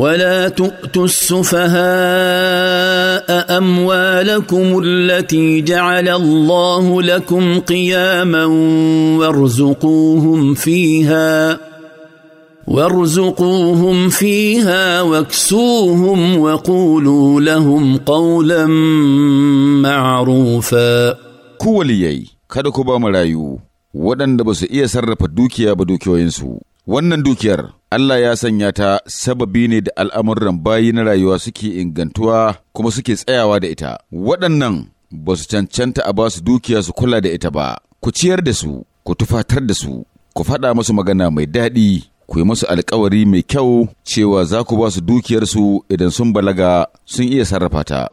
ولا تؤتوا السفهاء اموالكم التي جعل الله لكم قياما وارزقوهم فيها وارزقوهم فيها واكسوهم وقولوا لهم قولا معروفا كوليي kada ku ba marayu waɗanda ba su iya sarrafa dukiya ba dukiyoyinsu Wannan dukiyar Allah ya sanya ta sababi ne da al'amuran bayi na rayuwa suke ingantuwa kuma suke tsayawa da ita. Waɗannan ba su cancanta a ba su dukiya su kula da ita ba, ku ciyar da su, ku tufatar da su, ku faɗa musu magana mai daɗi, ku yi musu alkawari mai kyau cewa za ku ba su dukiyarsu idan sun balaga sun iya sarrafa ta.